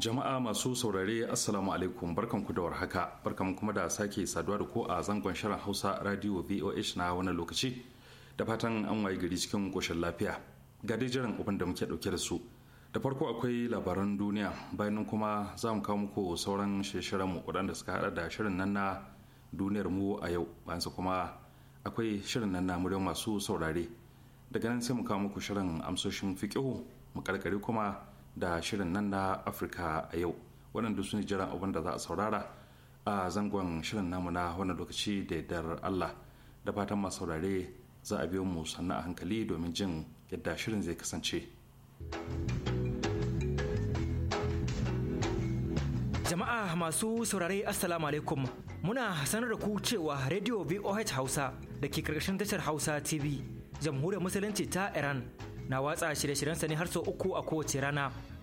jama'a masu saurare assalamu alaikum barkanku da warhaka barkan kuma da sake saduwa da ku a zangon shirin hausa radio voh na wani lokaci da fatan an waye gari cikin koshin lafiya ga dai jiran abin da muke dauke da su da farko akwai labaran duniya bayan kuma za mu kawo muku sauran shirye mu waɗanda suka hada da shirin nan na duniyar mu a yau bayan kuma akwai shirin nan na muryar masu saurare daga nan sai mu kawo muku shirin amsoshin fikihu mu karkare kuma da shirin nan na afirka a yau waɗanda su ne jiran abin da za a saurara a zangon shirin namu na wannan lokaci da dar allah da fatan masu saurare za a biyo mu sannan a hankali domin jin yadda shirin zai kasance jama'a masu saurare assalamu alaikum muna sanar da ku cewa radio voh hausa da ke karkashin tashar hausa tv jamhuriyar musulunci ta iran na watsa shirye shiryen ne har sau uku a kowace rana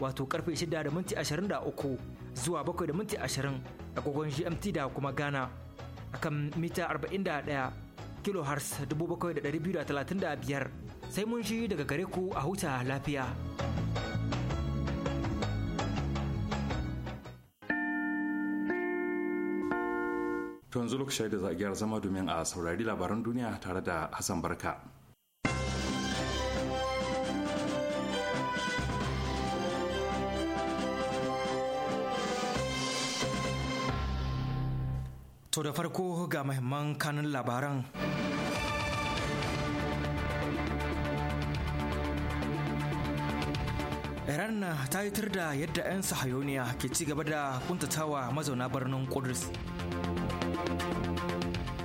wato karfe 6 da minti 23 zuwa 7 da minti 20 agogon GMT da kuma Ghana akan mita 41 kilohertz 7,235 sai mun shi daga gare ku a huta lafiya. To yanzu lokaci da za a gyara zama domin a saurari labaran duniya tare da Hassan Barka. To da farko ga mahimman kanun labaran. Iran ta yitar da yadda 'yan sahayoniya ke ci gaba da kuntatawa mazauna birnin Kudus.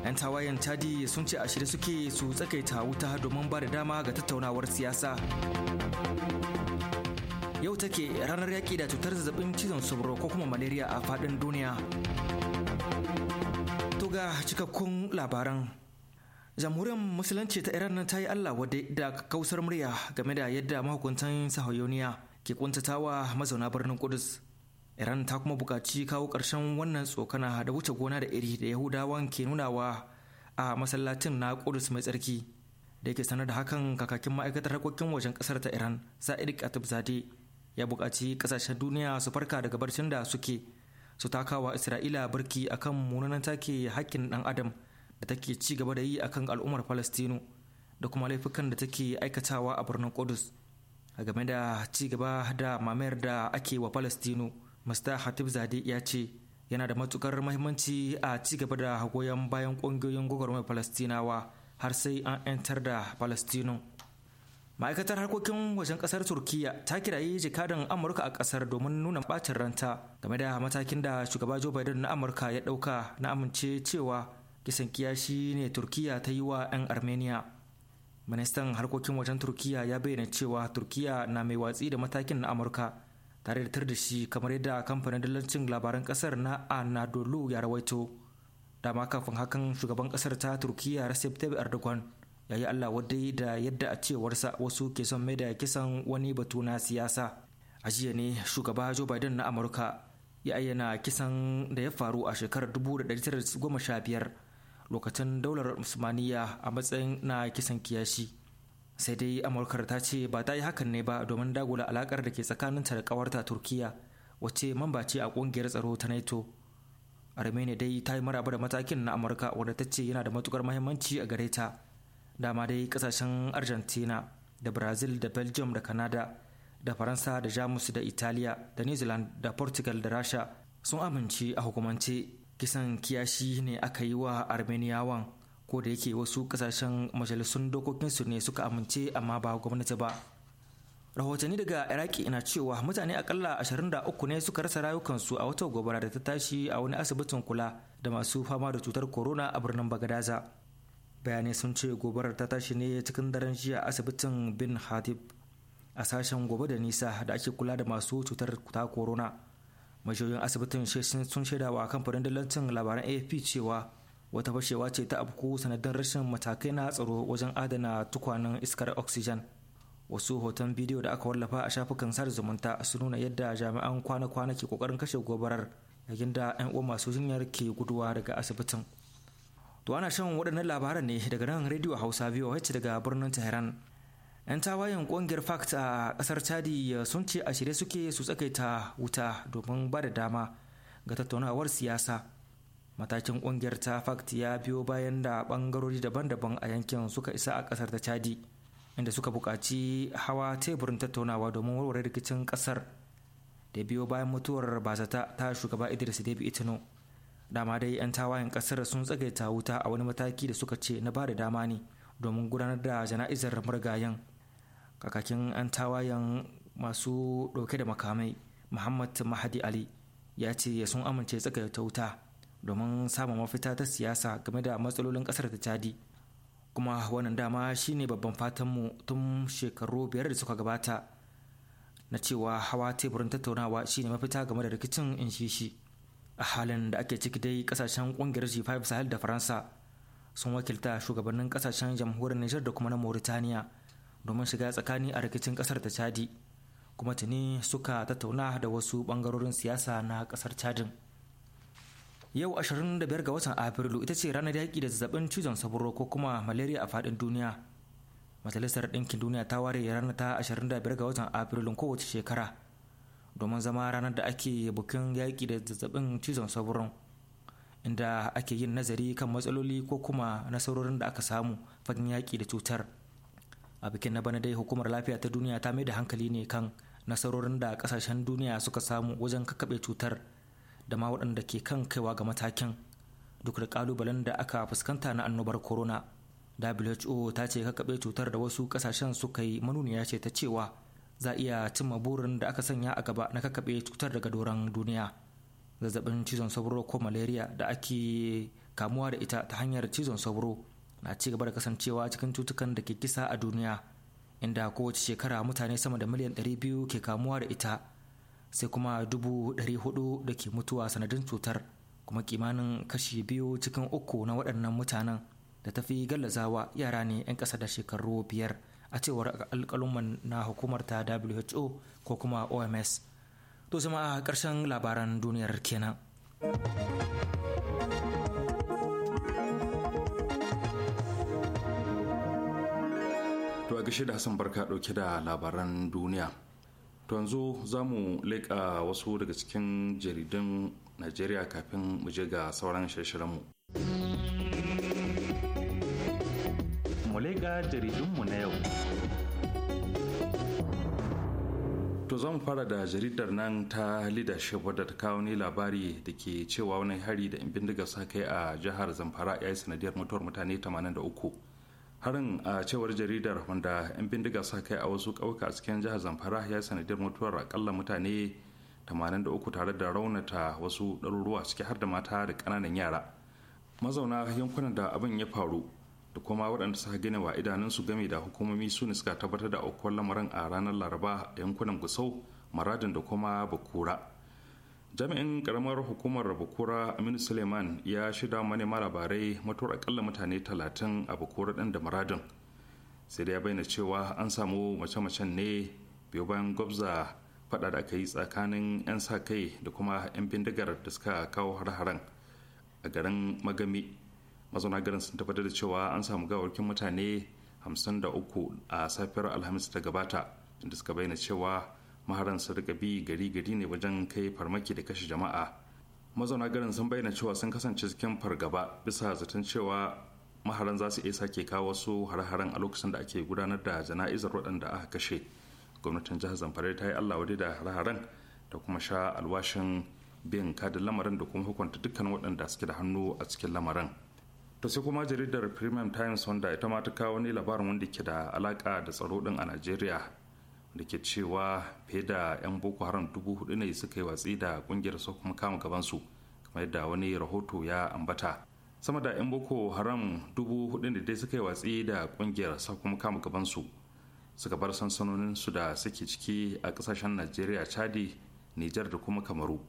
'Yan tawayen tadi sun ce a suke su tsakaita wuta domin ba da dama ga tattaunawar siyasa. Yau take ranar yaƙi da cutar zazzabin cizon sauro ko kuma malaria a faɗin duniya. ga cikakkun labaran jamhuriyar musulunci ta iran ta yi allah wadai da kausar murya game da yadda mahukuntan sahayoniya ke kuntatawa mazauna birnin kudus iran ta kuma buƙaci kawo ƙarshen wannan tsokana da wuce gona da iri da yahudawan ke nunawa a masallacin na kudus mai tsarki da yake sanar da hakan kakakin ma'aikatar harkokin wajen ƙasar ta iran sa'id katibzade ya buƙaci ƙasashen duniya su farka daga barcin da suke su takawa isra'ila birki akan munanan take hakkin dan adam da take ci gaba da yi akan al'ummar palestino da kuma laifukan da take aikatawa a birnin kudus a game da ci gaba da mamayar da ake wa palestino mista hatib zade ya ce yana da matukar mahimmanci a ci gaba da goyon bayan kungiyoyin gwagwarmar palestinawa har sai an 'yantar da palestino ma'aikatar harkokin wajen kasar turkiya ta kirayi jikadan amurka a kasar domin nuna bacin ranta game da matakin da shugaba joe biden na amurka ya dauka na amince cewa kisan kiyashi ne turkiya ta yi wa 'yan armenia ministan harkokin wajen turkiya ya bayyana cewa turkiya na mai watsi da matakin na amurka tare da tar da shi kamar yadda kamfanin dillancin labaran kasar na anadolu ya rawaito dama kafin hakan shugaban kasar ta turkiya recep tayyip erdogan ya yi allah wadai da yadda a cewarsa wasu ke son mai da kisan wani batu na siyasa a jiya ne shugaba joe biden na amurka ya ayyana kisan da ya faru a shekarar 1915 lokacin daular Musulmaniya a matsayin na kisan kiyashi sai dai amurkar ta ce ba ta yi hakan ne ba domin dagula alakar da ke tsakaninta da kawarta turkiya wacce mamba ce a kungiyar tsaro ta nato armenia dai ta yi maraba da matakin na amurka wadda ta ce yana da matukar mahimmanci a gare ta dama dai kasashen argentina da brazil da belgium da canada da faransa da jamus da italiya da new zealand da portugal da rasha sun amince a hukumance kisan kiyashi ne aka yi wa armeniyawan ko da yake wasu kasashen majalisun dokokinsu ne suka amince amma ba gwamnati ba rahotanni daga iraki na cewa mutane akalla 23 ne suka rasa rayukansu a wata gobara da ta tashi a wani asibitin kula da masu fama da cutar corona a birnin bagadaza bayanai sun ce gobarar ta tashi ne cikin daren jiya asibitin bin hatib a sashen gobe da nisa da ake kula da masu cutar ta corona majiyoyin asibitin sun shaida wa kamfanin dillancin labaran afp cewa wata fashewa ce ta abu sanadin rashin matakai na tsaro wajen adana tukwanen iskar oxygen wasu hoton bidiyo da aka wallafa a shafukan sada zumunta su nuna yadda jami'an kwana-kwana ke kokarin kashe gobarar yayin da 'yan uwa masu jinyar ke guduwa daga asibitin to ana shan waɗannan labaran ne daga nan rediyo hausa voh daga birnin tehran 'yan tawayen ƙungiyar fact a ƙasar chadi sun ce a shirye suke su tsakaita wuta domin ba da dama ga tattaunawar siyasa matakin ƙungiyar ta fact ya biyo bayan da bangarori daban-daban a yankin suka isa a ƙasar ta chadi inda suka buƙaci hawa teburin tattaunawa domin warware rikicin ƙasar da biyo bayan mutuwar bazata ta shugaba idris debi itino dama dai 'yan tawayen kasar sun tsagaita wuta a wani mataki da suka ce na ba da dama ne domin gudanar da jana'izar murgayen kakakin 'yan tawayen masu ɗauke da makamai muhammad mahadi ali ya ce ya sun amince tsagaita wuta domin samun mafita ta siyasa game da matsalolin kasar ta cadi kuma wannan dama shine babban fatanmu tun shekaru biyar da suka gabata na cewa hawa teburin tattaunawa shine mafita game da rikicin in shi shi a halin da ake ciki dai kasashen kungiyar g5 sahel da faransa sun wakilta shugabannin kasashen jamhuriyar niger da kuma na mauritaniya domin shiga tsakani a rikicin kasar ta chadi kuma tuni suka tattauna da wasu bangarorin siyasa na kasar chadin yau 25 ga watan afrilu ita ce ranar yaƙi da zazzabin cizon sabro ko kuma malaria a faɗin duniya majalisar ɗinkin duniya ta ware ranar ta 25 ga watan afrilu kowace shekara domin zama ranar da ake bukin yaƙi da zazzabin cizon sauron inda ake yin nazari kan matsaloli ko kuma nasarorin da aka samu fagen yaƙi da cutar a bikin na bana dai hukumar lafiya ta duniya ta mai da hankali ne kan nasarorin da kasashen duniya suka samu wajen kakaɓe cutar da ma waɗanda ke kan kaiwa ga matakin duk da kalubalen da aka fuskanta na annobar corona who ta ce kakaɓe cutar da wasu kasashen suka yi manuniya ce ta cewa za a iya cimma burin da aka sanya a gaba na kakaɓe cutar daga doron duniya zazzabin cizon sauro ko malaria da ake kamuwa da ita ta hanyar cizon sauro na ci gaba da kasancewa cikin cutukan da ke kisa a duniya inda kowace shekara mutane sama da miliyan 200 ke kamuwa da ita sai kuma 400 da ke mutuwa sanadin cutar kuma kimanin kashi biyu cikin uku na waɗannan mutanen da tafi gallazawa yara ne 'yan ƙasa da shekaru biyar a cewar alkaluman na hukumar ta who ko kuma oms to jama'a ƙarshen labaran duniyar kenan to a gashi da hassan barka ɗauke da labaran duniya to yanzu za mu leƙa wasu daga cikin jaridun najeriya kafin mu je ga sauran shirye-shiryenmu. ga jaridunmu na yau. To zan fara da jaridar nan ta leadership wadda ta kawo ne labari da ke cewa wani hari da in bindiga sa kai a jihar Zamfara ya yi sanadiyar mutuwar mutane 83. Harin a cewar jaridar wanda in bindiga sa kai a wasu ƙauyuka a cikin jihar Zamfara ya yi sanadiyar mutuwar akalla mutane 83 tare da raunata wasu ɗaruruwa ciki har da mata da ƙananan yara. Mazauna yankunan da abin ya faru da kuma waɗanda suka gina wa idanunsu game da hukumomi su ne suka tabbatar da aukuwar lamarin a ranar laraba a yankunan gusau maradin da kuma bakura jami'in karamar hukumar bakura aminu suleiman ya shida manema labarai mutuwar akalla mutane talatin a bakura ɗin da maradin sai da ya bayyana cewa an samu mace-macen ne biyu bayan gwabza faɗa da aka yi tsakanin 'yan sa kai da kuma 'yan bindigar da suka kawo har-haren a garin magami mazauna garin sun tabbatar da cewa an samu gawarkin mutane 53 a safiyar alhamis ta gabata inda suka bayyana cewa maharan su rika bi gari gari ne wajen kai farmaki da kashe jama'a mazauna garin sun bayyana cewa sun kasance cikin fargaba bisa zaton cewa maharan za su iya sake kawo wasu har a lokacin da ake gudanar da jana'izar waɗanda aka kashe gwamnatin jihar zamfara ta yi allah wadai da har-haren da kuma sha alwashin bin kadin lamarin da kuma hukunta dukkan waɗanda suke da hannu a cikin lamarin to sai kuma jaridar premium times wanda ita ma ta kawo wani labarin wanda ke da alaka da tsaro din a najeriya da ke cewa fiye da 'yan boko haram dubu hudu ne suka yi watsi da kungiyar su kuma kama gabansu kamar yadda wani rahoto ya ambata sama da 'yan boko haram dubu hudu ne dai suka yi watsi da kungiyar su kuma kama gabansu suka bar sansanonin su da suke ciki a kasashen najeriya chadi nijar da kuma kamaru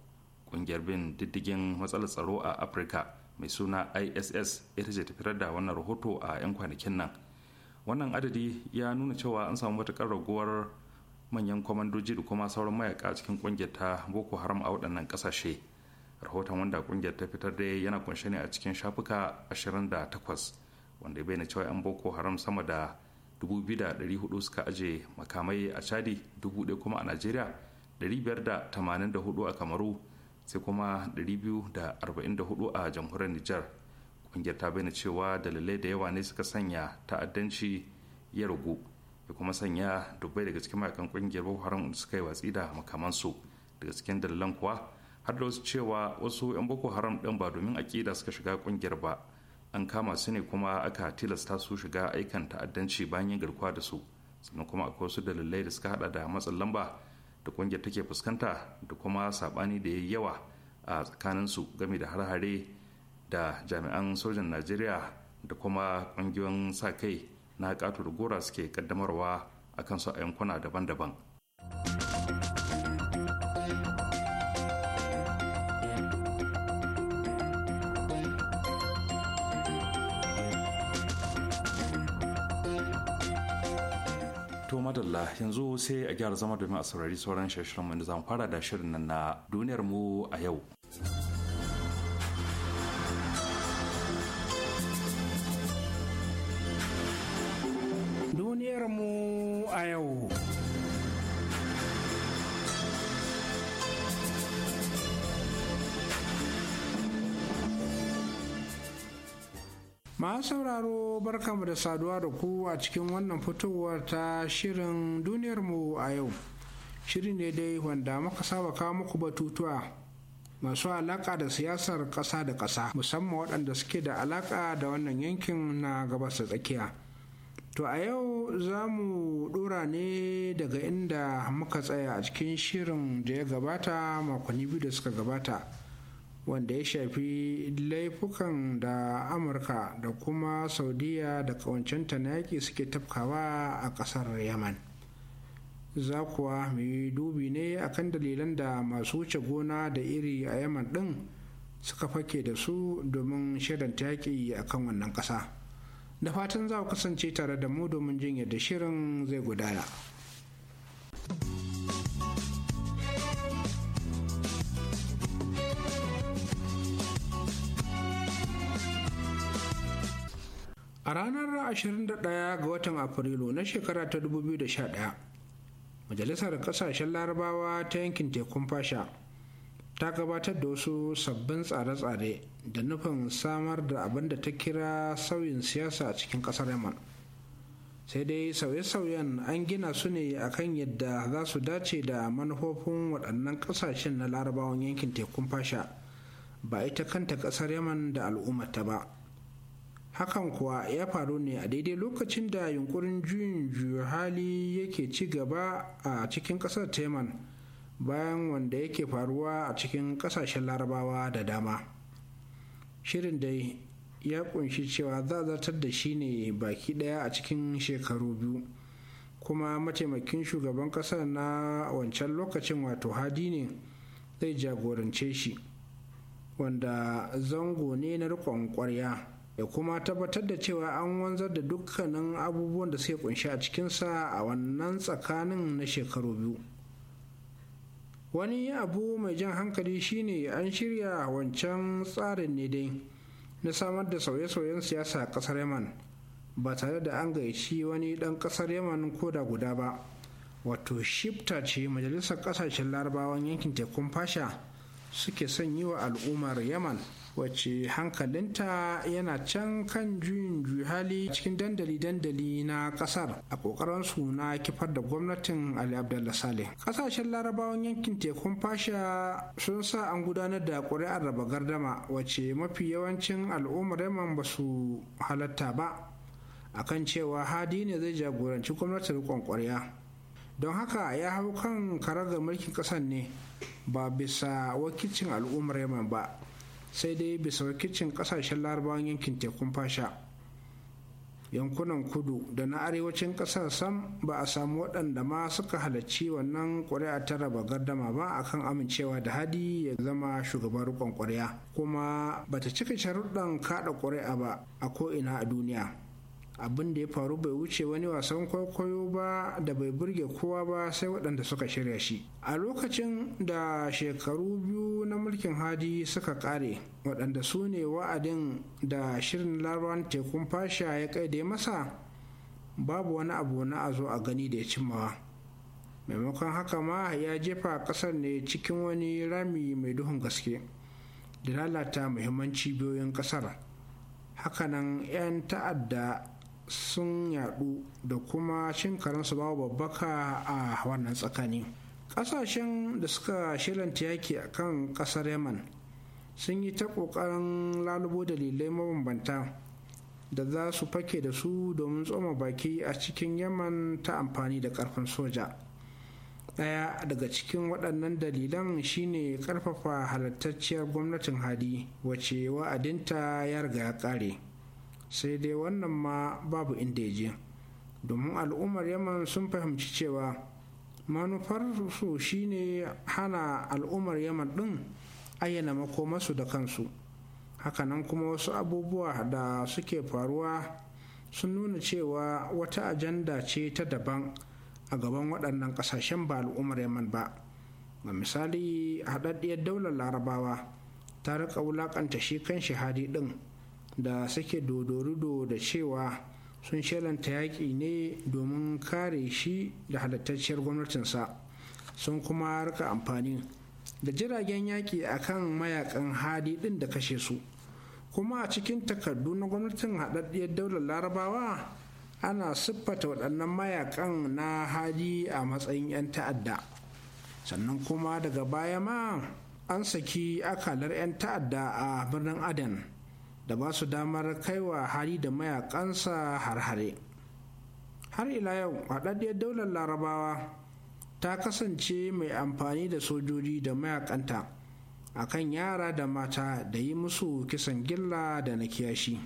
kungiyar bin diddigin matsalar tsaro a afirka mai suna iss ita ce tafiyar da wannan rahoto a 'yan kwanakin nan wannan adadi ya nuna cewa an samu matukar raguwar manyan kwamandoji da kuma sauran mayaka cikin ƙungiyar ta boko haram a waɗannan ƙasashe rahoton wanda kungiyar ta fitar da yana kunshe ne a cikin shafuka 28 wanda ya na cewa 'yan boko haram sama da 2,400 suka aje makamai a chadi 1,000 kuma a najeriya 584 a kamaru sai kuma 244 a jamhuriyar Nijar. ƙungiyar ta bayyana cewa dalilai da yawa ne suka sanya ta'addanci ya ragu da kuma sanya dubbai daga cikin mayakan kungiyar Boko Haram suka yi watsi da makamansu daga cikin dalilan kuwa har da wasu cewa wasu 'yan Boko Haram ɗin ba domin aƙida suka shiga kungiyar ba an kama su ne kuma aka tilasta su shiga aikan ta'addanci bayan yin garkuwa da su sannan kuma akwai wasu dalilai da suka hada da matsin lamba da kungiyar take fuskanta da kuma sabani da ya yawa a tsakanin su game da har-hare da jami'an sojan najeriya da kuma kungiyoyin sa kai na katur gora suke kaddamarwa a kan su a yankuna daban-daban. madalla yanzu sai a gyara zama domin a saurari sauran shirin mu zamu fara da shirin nan na duniyar mu a yau. Duniyar mu a yau. masu sauraro barkamu da saduwa da ku a cikin wannan fitowar ta shirin duniyarmu a yau shirin ne dai wanda muka saba kawo muku batutuwa masu alaka da siyasar ƙasa da ƙasa musamman waɗanda suke da alaka da wannan yankin na gabas da tsakiya To a yau za mu ɗora ne daga inda muka tsaya a cikin shirin da ya gabata makonni biyu da suka gabata wanda ya shafi laifukan da amurka da kuma saudiya da kawancenta na yaƙi suke tafkawa a ƙasar yaman za kuwa mai dubi ne akan dalilan da masu wuce gona da iri a yaman ɗin suka fake da su domin shirin yaƙi a kan wannan ƙasa da fatan za kasance tare da mu domin jin yadda shirin zai gudana. a ranar 21 ga watan afrilu na shekara ta 2011 majalisar kasashen larabawa ta yankin tekun fasha ta gabatar da wasu sabbin tsare-tsare da nufin samar da abin da ta kira sauyin siyasa a cikin kasar yaman sai dai sauye-sauyen an gina su ne a kan yadda za su dace da manufofin waɗannan ƙasashen na larabawan yankin tekun fasha ba ita kanta ƙasar yaman da al'ummata ba hakan kuwa ya faru ne a daidai lokacin da yunkurin juyin juyo hali yake ci gaba a cikin kasar teman bayan wanda yake faruwa a cikin kasashen larabawa da dama shirin dai ya kunshi cewa za zartar da shi ne baki daya a cikin shekaru biyu kuma mataimakin shugaban kasar na wancan lokacin wato hadi ne zai jagorance shi wanda zango ne na rikon kwarya ya kuma tabbatar da cewa an wanzar da dukkanin abubuwan da suke kunshi a cikinsa a wannan tsakanin na shekaru biyu wani abu mai jan hankali shine an shirya wancan tsarin ne dai na samar da sauye-sauyen siyasa a kasar yaman ba tare da an gaishi wani dan kasar yaman ko da guda ba wato shifta ce majalisar kasashen larabawan yankin tekun fasha suke son yi wa al'ummar yaman wacce hankalinta yana can kan juyin hali cikin dandali-dandali na kasar a kokarin su na kifar da gwamnatin ali abdullah saleh kasashen larabawan yankin tekun fasha sun sa an gudanar da ƙuri'ar raba gardama wacce mafi yawancin al'ummar yaman ba su halatta ba A kan cewa hadi ne zai jagoranci gwamnatin riƙon don haka ya hau kan karagar mulkin ƙasar ne ba bisa wakilcin al'ummar yaman ba sai dai bisa wakilcin kasashen larabawan yankin tekun fasha yankunan kudu da na arewacin kasar sam ba a samu waɗanda ma suka halarci wannan ƙuri'a ta raba gardama ba a kan amincewa da hadi ya zama shugaban rikon ƙuri'a kuma bata cika sharuɗan kaɗa ƙuri'a ba a ko'ina a duniya abin da ya faru bai wuce wani wasan kwaikwayo ba da bai burge kowa ba sai waɗanda suka shirya shi a lokacin da shekaru biyu na mulkin hadi suka ƙare waɗanda su ne wa'adin da shirin laruwan tekun fasha ya kai da ya masa babu wani abu na a zo a gani da ya cimmawa maimakon haka ma ya jefa ƙasar ne cikin wani rami mai duhun gaske da lalata muhimman cibiyoyin ƙasar hakanan 'yan ta'adda sun yadu da kuma cin karansu babu babbaka a wannan tsakani ƙasashen da suka shiranta yaki a kan ƙasar yaman sun yi ta ƙoƙarin lalubo dalilai mabambanta da za su fake da su domin tsoma baki a cikin yaman ta amfani da ƙarfin soja ɗaya daga cikin waɗannan dalilan shine ƙarfafa halattacciyar gwamnatin hadi wace wa'adinta ya riga ya ƙare sai dai wannan ma babu inda ya je domin al'ummar yaman sun fahimci cewa manufarsu shine hana al'ummar yaman din ayyana makomarsu da kansu hakanan kuma wasu abubuwa da suke faruwa sun nuna cewa wata ajanda ce ta daban a gaban waɗannan ƙasashen ba al'ummar yaman ba ga misali haɗaɗɗiyar daular larabawa ta rika wulaƙanta shi kan shahadi ɗin da suke dodorido da cewa sun shalanta yaƙi ne domin kare shi da halittacciyar gwamnatinsa sun kuma rika amfani da jiragen yaƙi a kan mayakan hadi ɗin da kashe su kuma a cikin takardu na gwamnatin haɗaɗɗiyar daular larabawa ana siffata waɗannan mayakan na hadi a matsayin 'yan ta'adda sannan kuma daga baya ma an saki akalar 'yan ta'adda a birnin aden da ba su damar kaiwa hali da mayakansa har-hare har ila yau haɗaɗɗiyar daular larabawa ta kasance mai amfani da sojoji da mayakanta kan yara da mata da yi musu kisan gilla da na kiyashi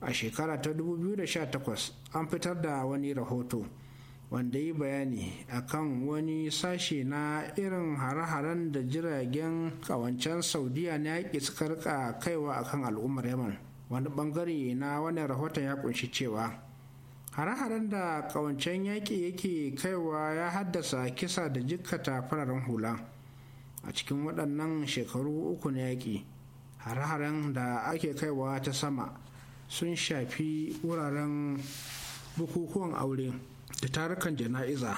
a shekara ta 2018 an fitar da wani rahoto wanda yi bayani akan wani sashe na irin hare-haren da jiragen kawancen saudiya na yaƙi suka rika kaiwa akan al'ummar yaman wani bangare na wani rahoton ya kunshi cewa hare-haren da kawancen yaƙi yake kaiwa ya haddasa kisa da jikkata fararen hula a cikin waɗannan shekaru uku na yaƙi hare-haren da ake kaiwa ta sama sun shafi wuraren bukukuwan aure da tarukan jana'iza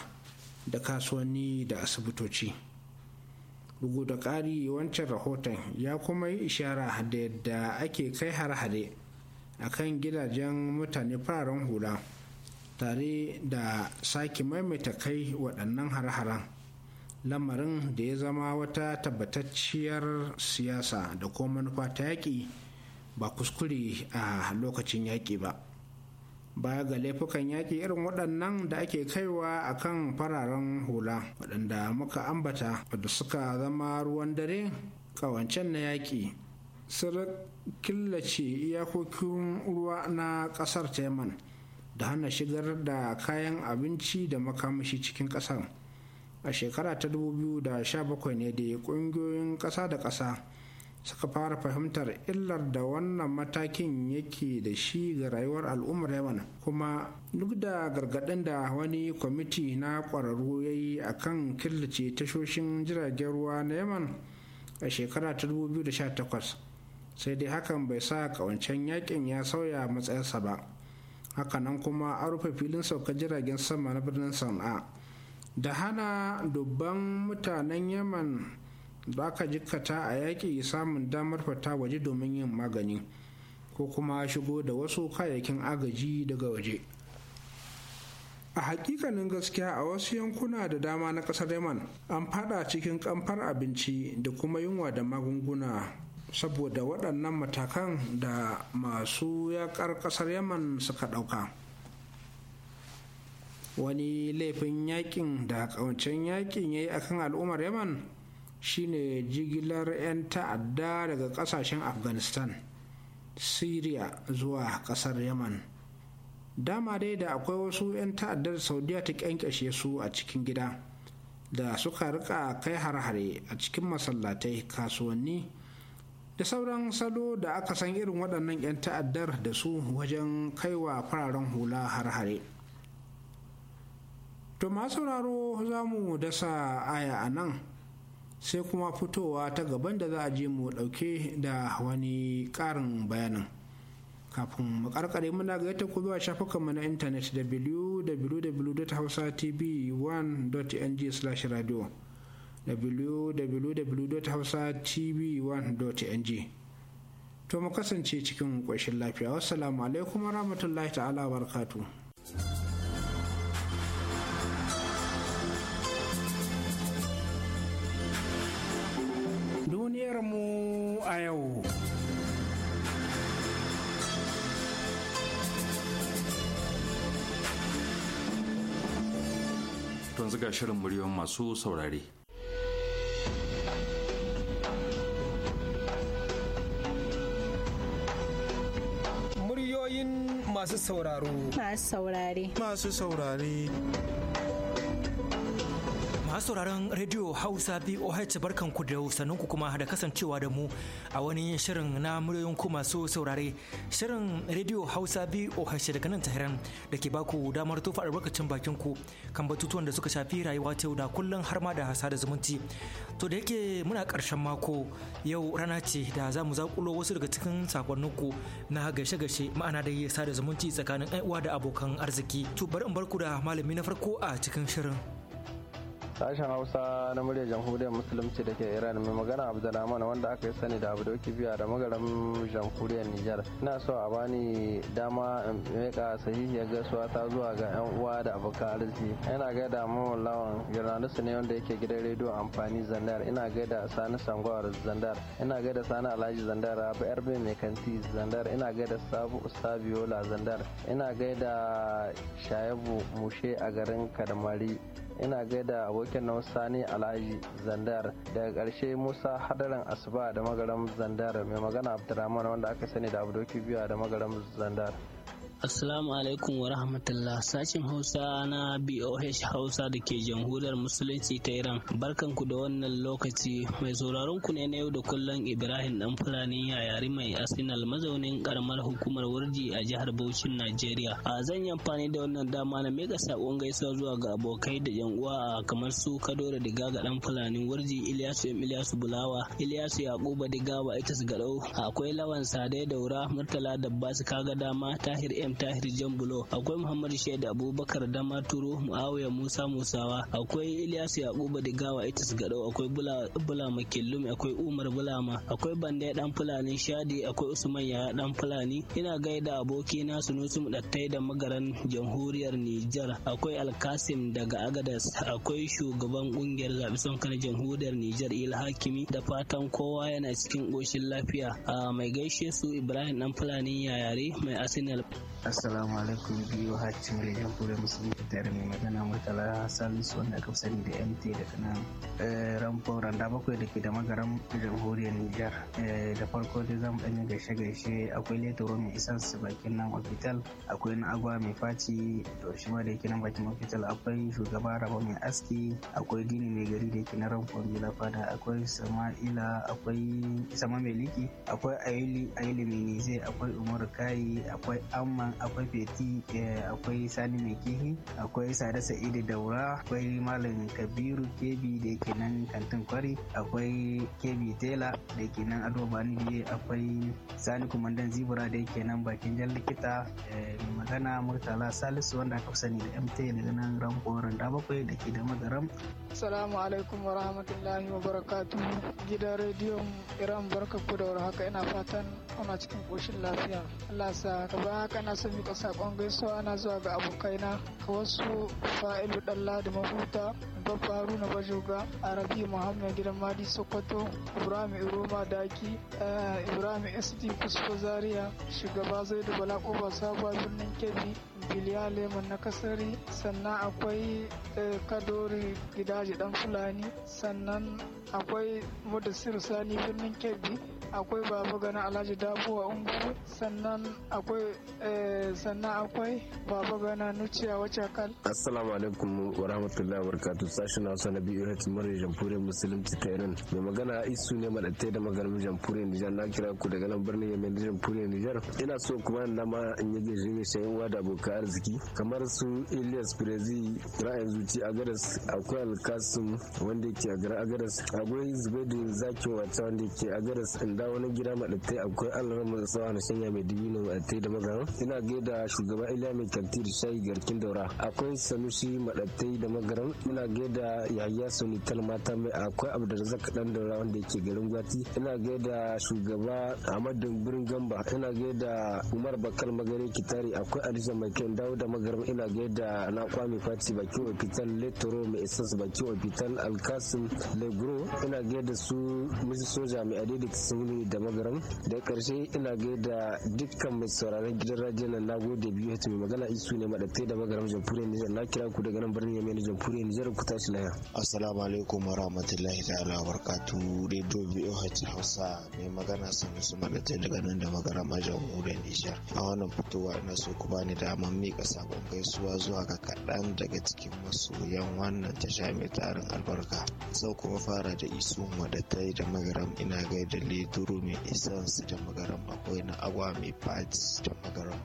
da kasuwanni da asibitoci bugu da ƙari wancan rahoton ya kuma yi ishara da yadda ake kai har-hare a kan gidajen mutane fararen hula tare da sake maimaita kai waɗannan har-haren lamarin da ya zama wata tabbatacciyar siyasa da kuma manufa ta yaƙi ba kuskure a lokacin yaƙi ba baya ga laifukan yaƙi irin waɗannan da ake kaiwa a kan fararen hula waɗanda muka ambata wadda suka zama ruwan dare ƙawancen na yaƙi sun killace iyakokin ruwa na ƙasar teman da hana shigar da kayan abinci da makamashi cikin ƙasar a shekara ta 2017 ne da ƙungiyoyin ƙasa da ƙasa suka fara fahimtar illar da wannan matakin yake da shi ga rayuwar al'ummar yaman kuma duk da gargaɗin da wani kwamiti na ƙwararru ya yi a kan killace tashoshin jiragen ruwa na yaman a shekara ta 2018 sai dai hakan bai sa ƙawancen yakin ya sauya matsayarsa ba hakanan kuma an rufe filin saukar jiragen sama na birnin sana'a da hana dubban mutanen yaman ba ka jikkata a yaƙi samun damar fata waje domin yin magani ko kuma shigo da wasu kayayyakin agaji daga waje a hakikanin gaskiya a wasu yankuna da dama na ƙasar yaman an fada cikin kamfar abinci da kuma yunwa da magunguna saboda waɗannan matakan da masu yaƙar ƙasar yaman suka ɗauka wani laifin yakin da ƙawancen yakin ya yi akan al'ummar yaman shine jigilar 'yan ta'adda daga kasashen afghanistan syria zuwa kasar yaman dama dai da akwai wasu 'yan ta'addar saudiya ta kyankyashe su a cikin gida da suka rika kai har-hare a cikin masallatai kasuwanni da sauran salo da aka san irin waɗannan 'yan ta'addar da su wajen kaiwa fararen hula har-hare to masu sauraro za mu dasa aya a nan sai kuma fitowa ta gaban da za a je mu dauke da wani karin bayanin kafin mu muna ga ta zuwa shafukanmu na intanet www.hausatv1.ng/radio www.hausatv1.ng to mu kasance cikin ƙoshin lafiya wassalamu alaikum warahmatullahi ta'ala barkatu. mu a yau. Tun ga shirin muryoyin masu saurare. Muryoyin masu sauraro. Masu saurare. Masu saurare. masu sauraron Radio Hausa BOH barkanku da sanunku kuma da kasancewa da mu a wani shirin na muryoyin ku masu saurare. Shirin Radio Hausa BOH daga nan Tahiran da ke baku damar tofa albarkacin bakin ku kan batutuwan da suka shafi rayuwa ta yau da kullum har ma da hasa da zumunci. To da yake muna karshen mako yau rana ce da za mu zakulo wasu daga cikin ku na gashe-gashe ma'ana da yi sada zumunci tsakanin uwa da abokan arziki. To bari in barku da malami na farko a cikin shirin. sashen hausa na muryar jamhuriyar musulunci da ke iran mai magana abdulrahman wanda aka yi sani da abu doki biya da magaram jamhuriyar nijar ina so a bani dama in meka sahihiyar gasuwa ta zuwa ga yan uwa da abokan arziki ina da mamman lawan journalist ne wanda yake gidan rediyo amfani zandar ina da sani sangwar zandar ina da sani alhaji zandar yar yarbe mai kanti zandar ina da sabu sabiola zandar ina da shayabu mushe a garin kadamari ina gaida abokin nan sani alhaji zandar daga karshe musa hadarin asuba da magaram zandar mai magana abdurrahman wanda aka sani da abdoki biyu da magaram zandar Assalamu alaikum wa rahmatullah sashin Hausa na BOH Hausa da ke jamhuriyar Musulunci ta Iran. Barkanku da wannan lokaci mai sauraron ku ne na yau da kullum Ibrahim dan Fulani yari mai asinal mazaunin karamar hukumar Wurji a jihar Bauchi Najeriya. A zan yi amfani da wannan dama na mega sakon gaisuwa zuwa ga abokai da yan uwa a kamar su kado Diga ga dan Fulani Wurji Ilyasu Ilyasu Bulawa Ilyasu Yakuba Diga wa ita su Akwai Lawan Sade Daura Murtala Dabbas Kaga Dama Tahir M Tahir Jambulo akwai Muhammad Shaid Abubakar Damaturo Muawiya Musa Musawa akwai Ilyasu Yakubu Digawa Itis Gado akwai Bula Makillum akwai Umar Bulama akwai Bande Dan Fulani Shadi akwai Usman Yaya Dan Fulani ina gaida aboki na mu Mudattai da magaran Jamhuriyar Nijar akwai Alkasim daga Agadas akwai shugaban ƙungiyar zabi kan Jamhuriyar Nijar Il Hakimi da fatan kowa yana cikin ƙoshin lafiya A ah, mai gaishe su Ibrahim ɗan Fulani yayare mai Arsenal Assalamu alaikum biyu hacin da jamhuriyar musulunci tare mai magana matala Hassan wanda aka sani da MT da nan eh, Ramfo Randa bakwai da ke da magaran jamhuriyar Nijar. Eh, da farko dai zamu ɗanyi gaishe-gaishe akwai letoro mai isan su bakin nan hospital akwai na agwa mai faci to shi ma da yake nan bakin hospital akwai shugaba raba mai aski akwai dini mai gari da yake na Ramfo Fada akwai Sama'ila akwai Sama mai liki, akwai Ayuli Ayuli mai Nize akwai Umaru Kayi akwai amma. akwai feti eh, akwai sani mai kihi akwai sada sa'idu daura akwai malam kabiru kebi da yake nan kantin kwari akwai kebi tela da yake nan ado bani akwai sani kumandan zibura da yake nan bakin jan likita eh, magana murtala salisu wanda aka sani da mt daga nan rambo randa bakwai da ke da magaram salamu alaikum wa rahmatullahi wa barakatu gidan rediyon iran barka ku da haka ina fatan ana cikin koshin lafiya allah sa ka ba haka na wasu miƙa saƙon gaisuwa na zuwa ga abokaina wasu fa'ilu ɗanladi mahuta babba haruna bajoga a rabi muhammad gidan madi sokoto ibrahim iroma daki eh, ibrahim sd kusko zaria shugaba da bala kofa sabuwa birnin kebbi biliya lemon na kasari sannan akwai eh, kadori gidaje dan fulani sannan akwai mudasir sani birnin kebbi akwai baba gani alhaji dabuwa ungu sannan akwai eh, sannan akwai baba gana nuciya wacce kal assalamu alaikum wa rahmatullahi wa barakatuh na hausa na biyu hajji mara jamhuriyar musulunci ta irin mai magana isu ne madattai da maganar jamhuriyar nijar na kira ku daga nan birnin yemen jamhuriyar nijar ina so kuma na ma in yi gaji ne shayin wa da abokan arziki kamar su ilias prezi ra'ayin zuci agaras akwai alkasum wanda ke a agaras akwai zubaidu zaki wata wanda a agaras inda da wani gida madattai akwai allah na tsawa na shanya mai na madattai da magana ina gaida shugaba iliya mai kantir shayi garkin daura akwai sanusi madattai da magana ina gaida yahaya sani talmata mai akwai abdulrazak dan daura wanda yake garin gwati ina gaida shugaba ahmad dumburin gamba ina gaida umar bakal magare kitari akwai alisa mai kyan dawo da magaran ina gaida na kwami fati bakin ofital letoro mai isas baki ofital alkasim legro ina gaida su musu soja mai adadi ta da magaram da karshe ina gaida dukkan mai sauraron gidan rajin nan na gode biyu mai magana isu ne madatte da magaram jamhuriyar Nijar na kira ku daga nan birnin Yemen jamhuriyar Nijar ku tashi lahiya assalamu alaikum wa rahmatullahi ta'ala wa barakatuh radio Hausa mai magana sanu su madatte daga nan da magaram a jamhuriyar Nijar a wannan fitowa na so ku bani damar mika sabon gaisuwa zuwa ga kaɗan daga cikin masoyan wannan tasha mai tarin albarka sau kuma fara da isu maɗatai da magaram ina gaida leto Nasiru mai Essence da magaran akwai na Agwa mai Fats da magaram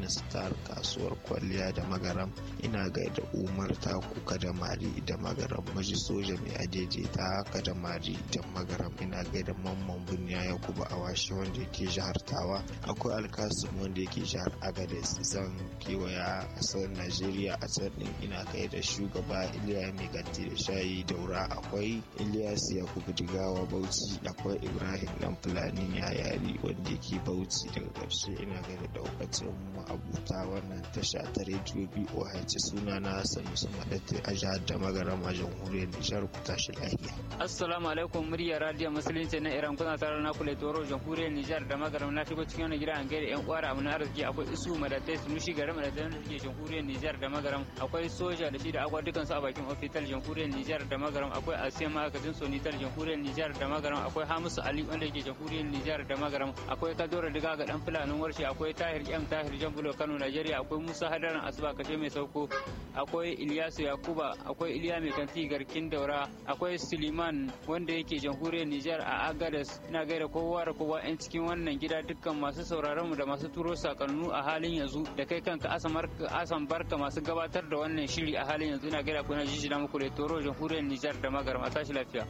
na Star kasuwar kwalliya da magaram ina gaida Umar ta Kadamari da magaram Maji Soja mai ajeje ta Kadamari da magaram ina gaida Mamman Bunya Yakubu washe wanda yake jihar Tawa akwai Alkasim wanda yake jihar Agadez zan kewaya tsawon Najeriya a can ina da shugaba Iliya mai gati da shayi daura akwai Ilyas Yakubu Digawa Bauchi akwai Ibrahim dan fulani ya yari wanda yake bauchi daga ƙarshe ina gaida daukacin ma'abuta wannan tasha ta rediyo boh suna na hassan maɗaɗe a jihar da magaram a jamhuriyar nijar ku tashi lafiya assalamu alaikum murya radiyo musulunci na iran kuna tare na kula toro jamhuriyar nijar da magaram na shigo cikin wani gida an gaida yan kwara amina arziki akwai isu maɗaɗe su nushi garin maɗaɗe na suke jamhuriyar nijar da magaram akwai soja da shi da agwa dukansu a bakin ofital jamhuriyar nijar da magaram akwai asema akadin sonitar jamhuriyar nijar da magaram akwai hamisu ali wanda ke jamhuriyar Nijar da Magaram akwai Kadora Diga ga dan Fulanin Warshe akwai Tahir M Tahir Jambulo Kano Najeriya akwai Musa Hadaran Asuba Kashe mai sauko akwai Ilyasu Yakuba akwai Iliya mai kanti garkin daura akwai Suleiman wanda yake jamhuriyar Nijar a Agadez ina gaida kowa da kowa yan cikin wannan gida dukkan masu sauraron mu da masu turo sakannu a halin yanzu da kai kanka asan barka masu gabatar da wannan shiri a halin yanzu ina gaida ku na muku da toro jamhuriyar Nijar da Magaram a tashi lafiya.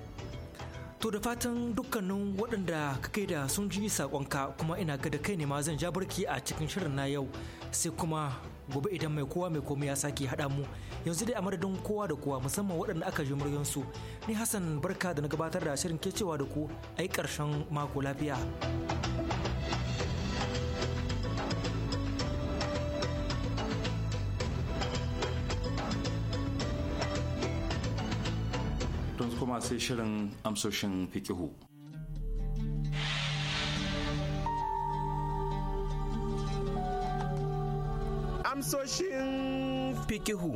To da fatan dukkanin waɗanda ka kai da sun ji saƙonka kuma ina ga da kai ne ma zan ja barki a cikin shirin na yau sai kuma gobe idan mai kowa mai komai ya sake haɗa mu yanzu dai a madadin kowa da kowa musamman waɗanda aka ji su ni Hassan barka da na gabatar da shirin cewa da ku a yi ƙarshen mako lafiya. kuma sai shirin amsoshin fikihu. Amsoshin fikihu.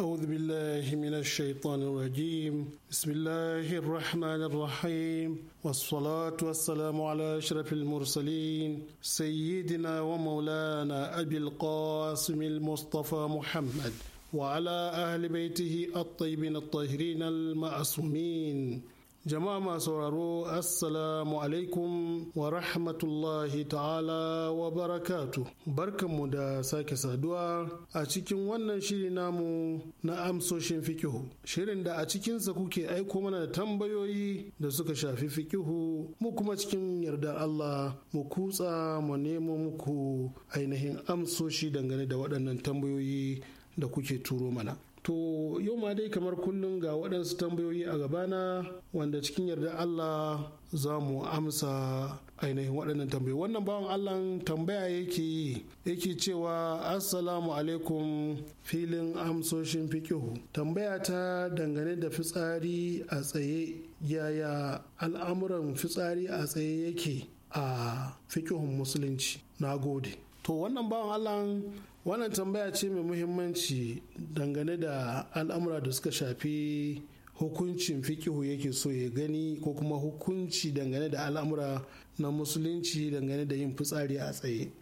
أعوذ بالله من الشيطان الرجيم بسم الله الرحمن الرحيم والصلاة والسلام على أشرف المرسلين سيدنا ومولانا أبي القاسم المصطفى محمد وعلى أهل بيته الطيبين الطاهرين المعصومين jama'a masu sauraro assalamu alaikum wa rahmatullahi ta'ala wa barakatu barkanmu da sake saduwa a cikin wannan shiri namu na amsoshin fikihu shirin da a cikinsa kuke aiko mana da tambayoyi da suka shafi fikihu mu kuma cikin yardar Allah mu kutsa mu nemo muku ainihin amsoshi dangane da waɗannan tambayoyi da kuke turo mana To yau ma dai kamar kullum ga waɗansu tambayoyi a gabana wanda cikin yarda Allah za mu amsa ainihin waɗannan tambayoyi. Wannan bawan Allah tambaya yake yi yake cewa Assalamu alaikum filin amsoshin fiƙihu. Tambaya ta dangane da fitsari a tsaye yaya al'amuran fitsari a tsaye yake a fikihun musulunci. Na gode. To wannan bawan Allah wannan tambaya ce mai muhimmanci dangane da al'amura da suka shafi hukuncin fikihu yake so ya gani ko kuma hukunci dangane da al'amura na musulunci dangane da yin fitsari a tsaye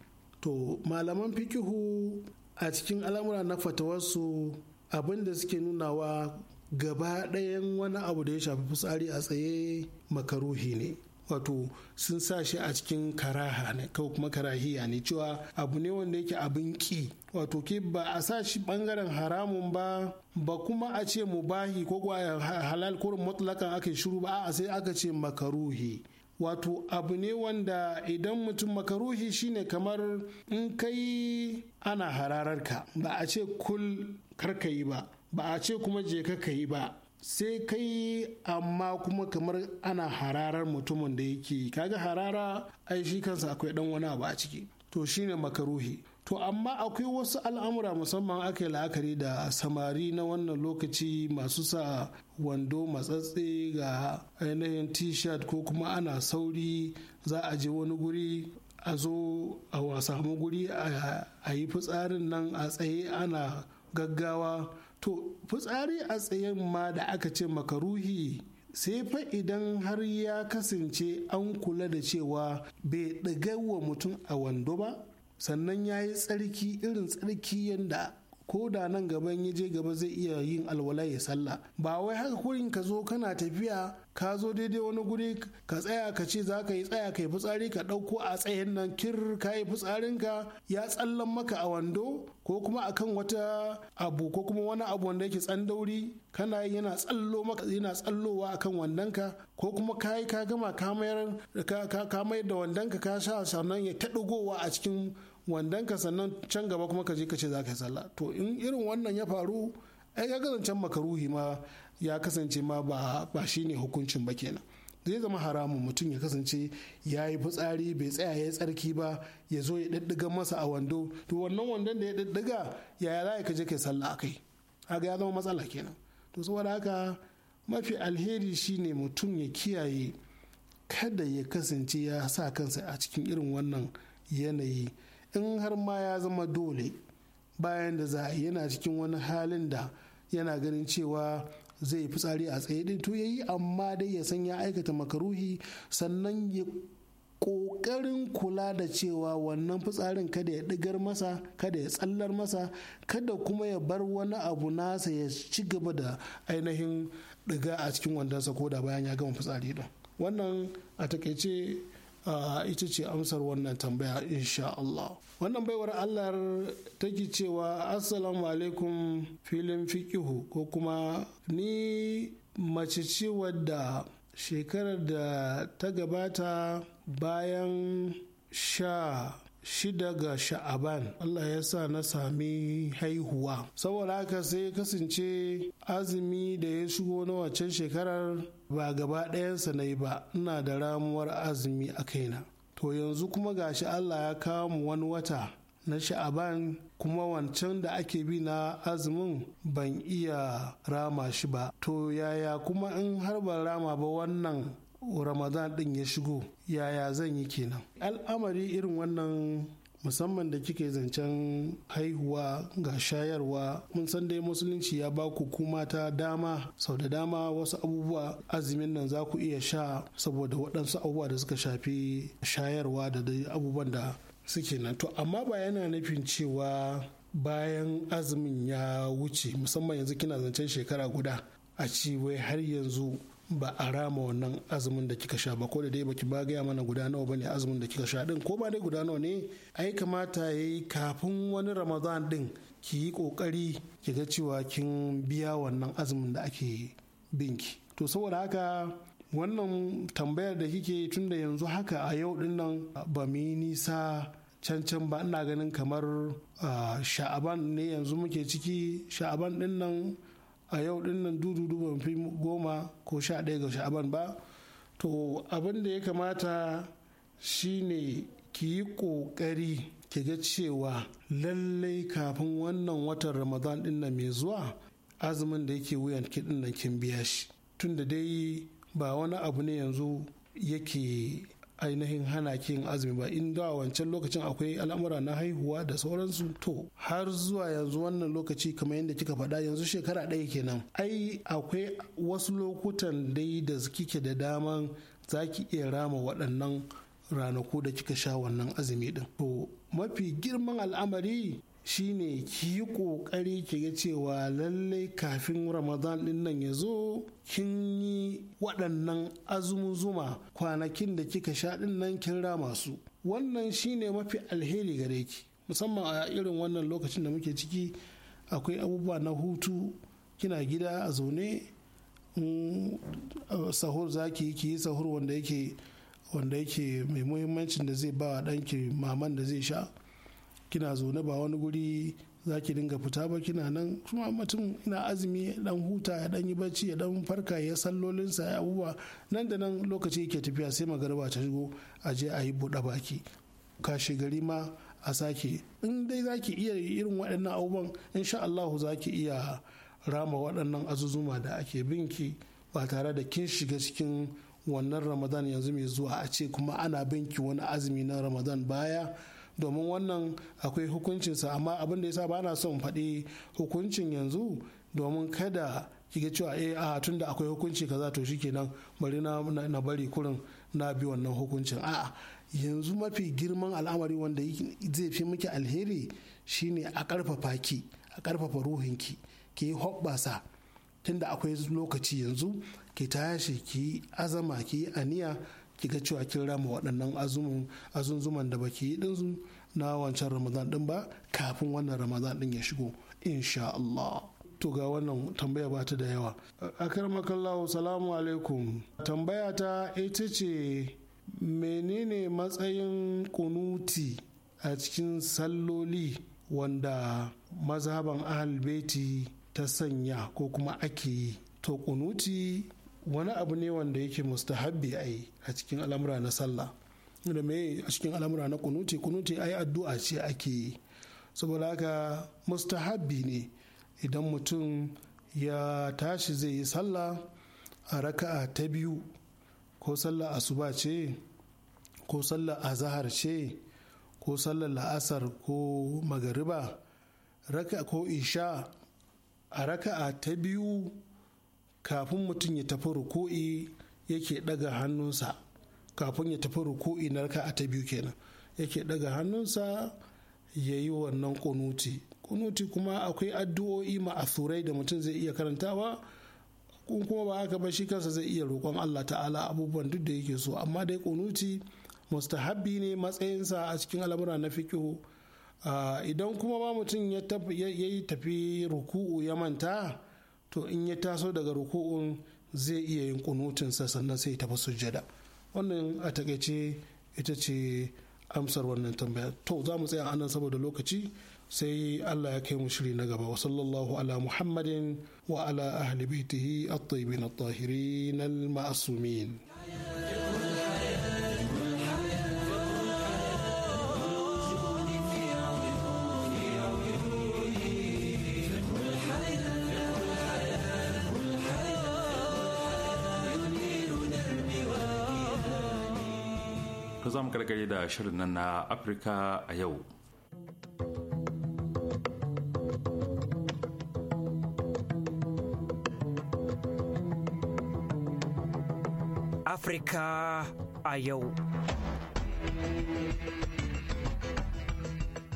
to malaman fikihu a cikin al'amura na fatawarsu abinda suke nunawa gaba ɗayan wani abu da ya shafi fitsari a tsaye makaruhi ne wato sun sa shi a cikin karaha ne ko kuma karahiya ne cewa abu ne wanda yake abin ki wato ke ba a sa shi bangaren haramun ba ba kuma a ce mubahi ko halal ko mutlakan aka shiru ba a sai aka ce makaruhi wato abu ne wanda idan mutum makaruhi shine kamar in kai ana harararka ba a ce kul karka yi ba ba a ce kuma je ka yi ba sai kai amma kuma kamar ana hararar mutumin da yake kaga harara ai shi kansa akwai dan wani abu a ciki to shine makaruhi to amma akwai wasu al'amura musamman aka yi la'akari da samari na wannan lokaci masu sa wando matsatse ga ainihin t-shirt ko kuma ana sauri za a je wani guri a zo a samu guri a yi fitsarin nan a tsaye ana gaggawa to fitsari a tsayen ma da aka ce makaruhi sai fa idan har ya kasance an kula da cewa bai wa mutum a wando ba sannan ya yi tsarki irin tsarki yadda ko da nan gaban ya je gaba zai iya yin alwala ya sallah ba wai haka kurin ka zo kana tafiya ka zo daidai wani guri ka tsaya ka ce za ka yi tsaya ka yi fitsari ka ɗauko a tsayin nan kir ka yi fitsarinka ya tsallan maka a wando ko kuma akan wata abu ko kuma wani abu wanda yake tsandauri kana yi yana tsallo maka yana tsallowa akan wandonka ko kuma ka yi ka gama ka mayar da wandonka ka sha sannan ya taɗugowa ɗigowa a cikin wandonka sannan can gaba kuma ka je ka ce za ka yi sallah to in irin wannan ya faru ai ga zancen makaruhi ma ya kasance ma ba shi ne hukuncin ba kenan zai zama haramun mutum ya kasance ya yi fitsari bai tsaya ya tsarki ba ya zo ya daddiga masa a wando to wannan wandon da ya daddiga yaya za ka je kai sallah akai haka ya zama matsala kenan to saboda haka mafi alheri shine mutum ya kiyaye kada ya kasance ya sa kansa a cikin irin wannan yanayi in har ma ya zama dole bayan da za yana cikin wani halin da yana ganin cewa zai fitsari a tsaye din to yayi amma dai ya san ya aikata makaruhi sannan ya ƙoƙarin kula da cewa wannan fitsarin kada ya ɗigar masa kada ya tsallar masa kada kuma ya bar wani abu nasa ya ci gaba da ainihin ɗiga a cikin wandonsa ko da bayan ya gama fitsari din wannan a takaice ita ce amsar wannan tambaya insha Allah. Wannan baiwar Allah take cewa Assalamu alaikum filin fikihu ko kuma ni mace ce wadda shekarar da ta gabata bayan sha shida ga sha'aban Allah ya sa na sami haihuwa saboda haka sai kasance azumi da ya shigo na waccan shekarar ba gaba ɗayansa na yi ba ina da ramuwar azumi a kaina to yanzu kuma gashi allah ya kawo mu wani wata na sha'aban kuma wancan da ake bi na azumin ban iya rama shi ba to yaya kuma in har ban rama ba wannan ramadan ɗin ya shigo yaya zan yi kenan al'amari irin wannan musamman da kike zancen haihuwa ga shayarwa mun san dai musulunci ya ba ku kuma ta dama sau da dama wasu abubuwa azumin nan za ku iya sha saboda waɗansu abubuwa da suka shafi shayarwa da dai abubuwan da suke nan to amma ba yana nufin cewa bayan azumin ya wuce musamman yanzu kina zancen shekara guda a ci wai har yanzu ba a rama wannan azumin da kika sha ba ko da dai baki ba gaya mana guda nawa bane azumin da kika sha din ko ba dai guda nawa ne ai kamata yayi kafin wani ramadan din ki yi kokari ki ga cewa kin biya wannan azumin da ake binki to saboda haka wannan tambayar da kike tun da yanzu haka a yau din nan ba mu yi nisa can can ba ina ganin kamar ah, sha'aban ne yanzu muke ciki sha'aban din nan a yau din nan dududu ban fi goma ko sha ɗaya ga sha'aban ba to abin da ya kamata shine ki yi ƙoƙari ki ga cewa lallai kafin wannan watan ramadan din nan mai zuwa azumin da yake wuyan ki din nan kin biya shi tun da dai ba wani abu ne yanzu yake ainihin hana ki yin azumi ba in da wancan lokacin akwai al'amura na haihuwa da sauransu to har zuwa yanzu wannan lokaci kamar yadda kika faɗa yanzu shekara ɗaya kenan ai akwai wasu lokutan dai da kike da daman za ki iya rama waɗannan ranaku da kika sha wannan azumi din to mafi girman al'amari shine ki yi ƙoƙari ki ga cewa lallai kafin ramadan din nan ya zo kin yi waɗannan azumuzuma kwanakin da kika sha din nan kin rama su wannan shine mafi alheri gare ki musamman a irin wannan lokacin da muke ciki akwai abubuwa na hutu kina gida a zaune sahur zaki ki yi sahur yake wanda yake mai muhimmancin da zai ba wa ɗanki maman da zai sha kina zaune ba wani guri za ki dinga fita ba kina nan kuma mutum ina azumi dan huta ya dan yi bacci ya dan farka ya sallolinsa ya abubuwa nan da nan lokaci yake tafiya sai magariba ta shigo a je a yi buɗe baki kashi gari ma a sake in dai za ki iya irin waɗannan abubuwan insha Allahu za ki iya rama waɗannan azuzuma da ake binki ba tare da kin shiga cikin wannan ramadan yanzu mai zuwa a ce kuma ana binki wani azumi na ramadan baya domin wannan akwai hukuncinsa amma abin da yasa ba na son faɗi hukuncin yanzu domin kada ki ga cewa a eh, a tunda akwai hukunci kaza to shikenan bari na bari kurin na bi wannan hukuncin a'a yanzu mafi girman al'amari wanda zai fi miki alheri shine a karfafa ki a karfafa ruhinki ki yi hoɓɓasa tunda akwai lokaci yanzu ki tashi ki azama ki aniya kiga cewa kin rama waɗannan azunzuman da baki yi ɗin na wancan ramadan ɗin ba kafin wannan ramadan ɗin ya shigo insha Allah to ga wannan tambaya ba ta da yawa akarmakallahu salamu alaikum tambaya ta ita ce menene matsayin kunuti a cikin salloli wanda mazhaban ahalbeti ta sanya ko kuma ake yi to kunuti wani abu ne wanda yake mustahabbi a yi a cikin al'amura na sallah da me a cikin al'amura na kunuti kunuti ai addu'a ce ake yi saboda haka mustahabbi ne idan mutum ya tashi zai yi sallah a raka'a ta biyu ko sallah asuba ce ko sallah azahar ce ko sallah la'asar ko magariba raka ko isha a raka'a ta biyu kafin mutum ya tafi ruku'i yake daga hannunsa kafin ya tafi ruku'i na raka'a ta biyu kenan yake daga hannunsa ya yi wannan kunuti kunuti kuma akwai addu'o'i ma'asurai da mutum zai iya karantawa kun kuma ba haka ba shi kansa zai iya roƙon Allah ta'ala abubuwan duk da yake so amma dai kunuti mustahabbi ne matsayinsa a cikin al'amura na fikihu ah, idan kuma ba mutum ya yi tafi ruku'u ya manta to in ya taso daga ruku'un zai iya yin kunutinsa sannan sai ta tafi jada wannan a takaice ita ce amsar wannan tambaya to za mu tsaya anan saboda lokaci sai Allah ya kai mu shiri na gaba wa sallallahu ala muhammadin wa ala ahli baitihi at-tayyibin at-tahirin al-ma'sumin za mu karkare da shirin nan na afirka a yau Afirka a yau.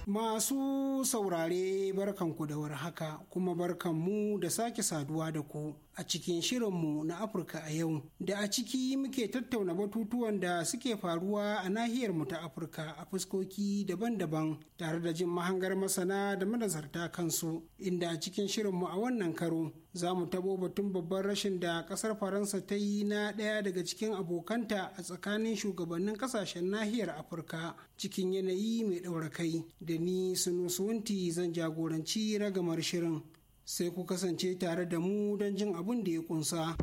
Masu saurare barkanku da haka kuma barkanmu da sake saduwa da ku a cikin shirinmu na Afirka a yau da a ciki muke tattauna batutuwan da suke faruwa a nahiyarmu ta Afirka a fuskoki daban-daban tare da jin mahangar masana da manazarta kansu inda a cikin shirinmu a wannan karo za mu tabo batun babban rashin da kasar Faransa ta yi na ɗaya daga cikin abokanta a tsakanin shugabannin kasashen nahiyar Afirka cikin yanayi mai ɗaura kai da ni Sunusunti zan jagoranci ragamar shirin. sai ku kasance tare da mu don jin abin da ya kunsa.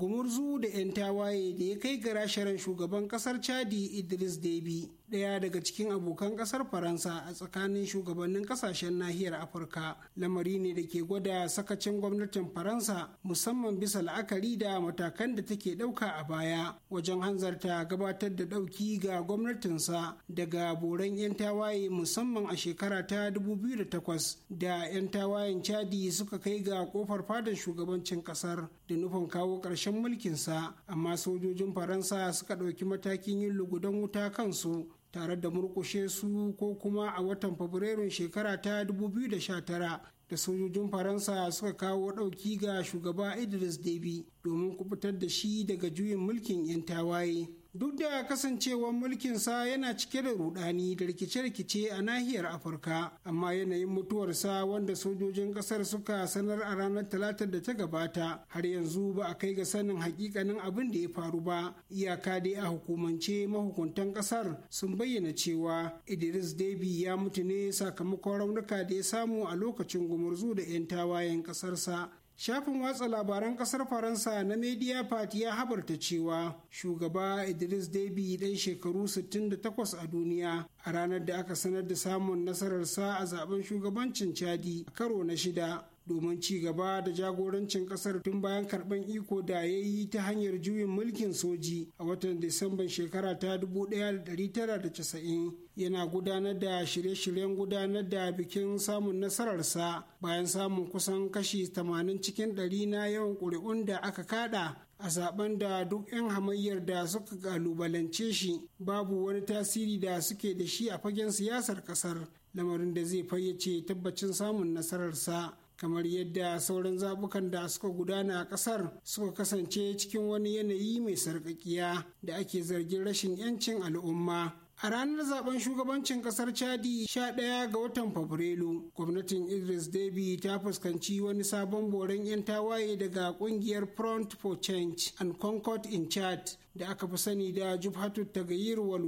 gumurzu da 'yan tawaye da ya kai ga shugaban kasar chadi idris debi ɗaya daga cikin abokan ƙasar faransa a tsakanin shugabannin ƙasashen nahiyar afirka lamari ne da ke gwada sakacin gwamnatin faransa musamman bisa la'akari da matakan da take ɗauka a baya wajen hanzarta gabatar da ɗauki ga gwamnatinsa daga boran 'yan tawaye musamman a shekara ta 2008 da 'yan tawayen chadi suka kai ga kofar fadar shugabancin ƙasar da nufin kawo ƙarshen mulkinsa amma sojojin faransa suka ɗauki matakin yin lugudan wuta kansu tare da murkushe su ko kuma a watan fabrairun shekara ta 2019 da sojojin faransa suka kawo ɗauki ga shugaba idris debi domin kubutar da shi daga juyin mulkin 'yan tawaye duk da kasancewar sa yana cike da rudani da rikice-rikice a nahiyar afirka amma yanayin mutuwarsa wanda sojojin kasar suka sanar a ranar talatar da ta gabata har yanzu ba a kai ga sanin hakikanin abin da ya faru ba iyaka dai a hukumance mahukuntan kasar sun bayyana cewa idris debi ya mutu ne sakamakon raunuka da ya samu a lokacin gumurzu da 'yan tawayen kasarsa Shafin watsa labaran kasar Faransa na Mediapart ya habarta cewa shugaba Idris Deby dan shekaru 68 a duniya a ranar da aka sanar da samun nasararsa a zaben shugabancin Chadi a karo na shida. domin ci gaba da jagorancin kasar tun bayan karɓar iko da ya yi ta hanyar juyin mulkin soji a watan Disamban shekara ta 1990 yana gudanar da shirye-shiryen gudanar da bikin samun nasararsa bayan samun kusan kashi 80 cikin 100 na yawan ƙuri'un da aka kada a zaben da duk 'yan hamayyar da suka kalubalance shi babu wani tasiri da suke da shi a fagen siyasar kasar lamarin da zai fayyace tabbacin samun nasararsa kamar yadda sauran zabukan da suka gudana a kasar suka kasance cikin wani yanayi mai sarƙaƙiya da ake zargin rashin 'yancin al'umma A ranar zaben shugabancin kasar Chadi 11 ga watan Fabrairu, gwamnatin Idris Deby ta fuskanci wani sabon boren 'yan tawaye daga kungiyar Front for Change and Concord in Chad da aka fi sani da Jubhatu Tagayir wal